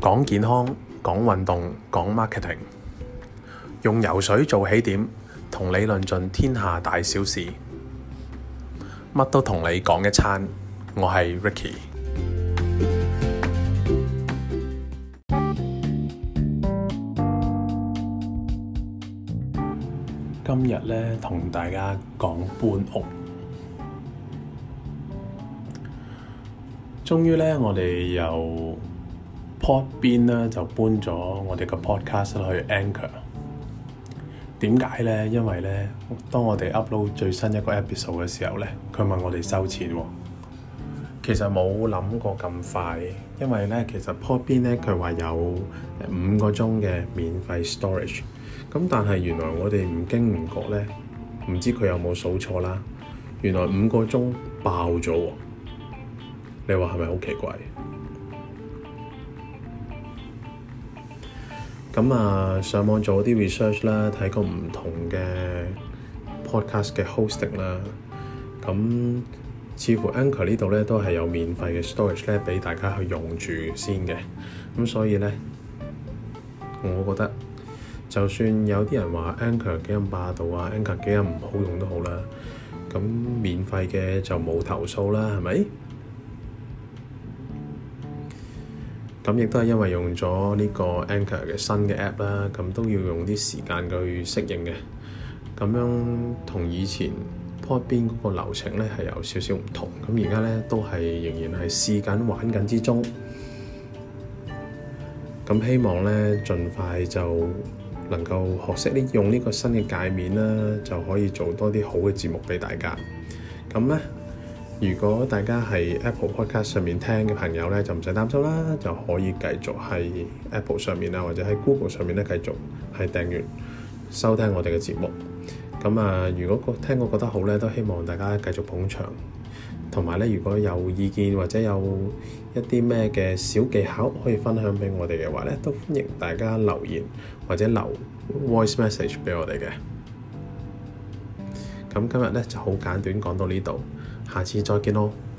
講健康，講運動，講 Marketing，用游水做起點，同你論盡天下大小事，乜都同你講一餐。我係 Ricky，今日咧同大家講搬屋，終於咧我哋又。p 邊咧就搬咗我哋個 podcast 去 Anchor。點解呢？因為呢，當我哋 upload 最新一個 e p i s o d e 嘅時候呢，佢問我哋收錢喎。其實冇諗過咁快，因為呢，其實 Pod 邊呢，佢話有五個鐘嘅免費 storage。咁但係原來我哋唔經唔覺呢，唔知佢有冇數錯啦。原來五個鐘爆咗，你話係咪好奇怪？咁啊，上網做啲 research 啦，睇過唔同嘅 podcast 嘅 hosting 啦，咁似乎 Anchor 呢度咧都係有免費嘅 storage 咧俾大家去用住先嘅，咁所以咧，我覺得就算有啲人話 Anchor 幾咁霸道啊，Anchor 幾咁唔好用都好啦，咁免費嘅就冇投訴啦，係咪？咁亦都係因為用咗呢個 Anchor 嘅新嘅 App 啦，咁都要用啲時間去適應嘅。咁樣同以前 Podbean 嗰個流程咧係有少少唔同。咁而家咧都係仍然係試緊玩緊之中。咁希望咧盡快就能夠學識呢用呢個新嘅界面啦，就可以做多啲好嘅節目俾大家。咁咧。如果大家喺 Apple Podcast 上面聽嘅朋友呢，就唔使擔心啦，就可以繼續喺 Apple 上面啊，或者喺 Google 上面呢，繼續係訂閱收聽我哋嘅節目。咁啊，如果個聽我覺得好呢，都希望大家繼續捧場，同埋呢，如果有意見或者有一啲咩嘅小技巧可以分享俾我哋嘅話呢，都歡迎大家留言或者留 Voice Message 俾我哋嘅。咁今日呢，就好簡短講，講到呢度。下次再見咯～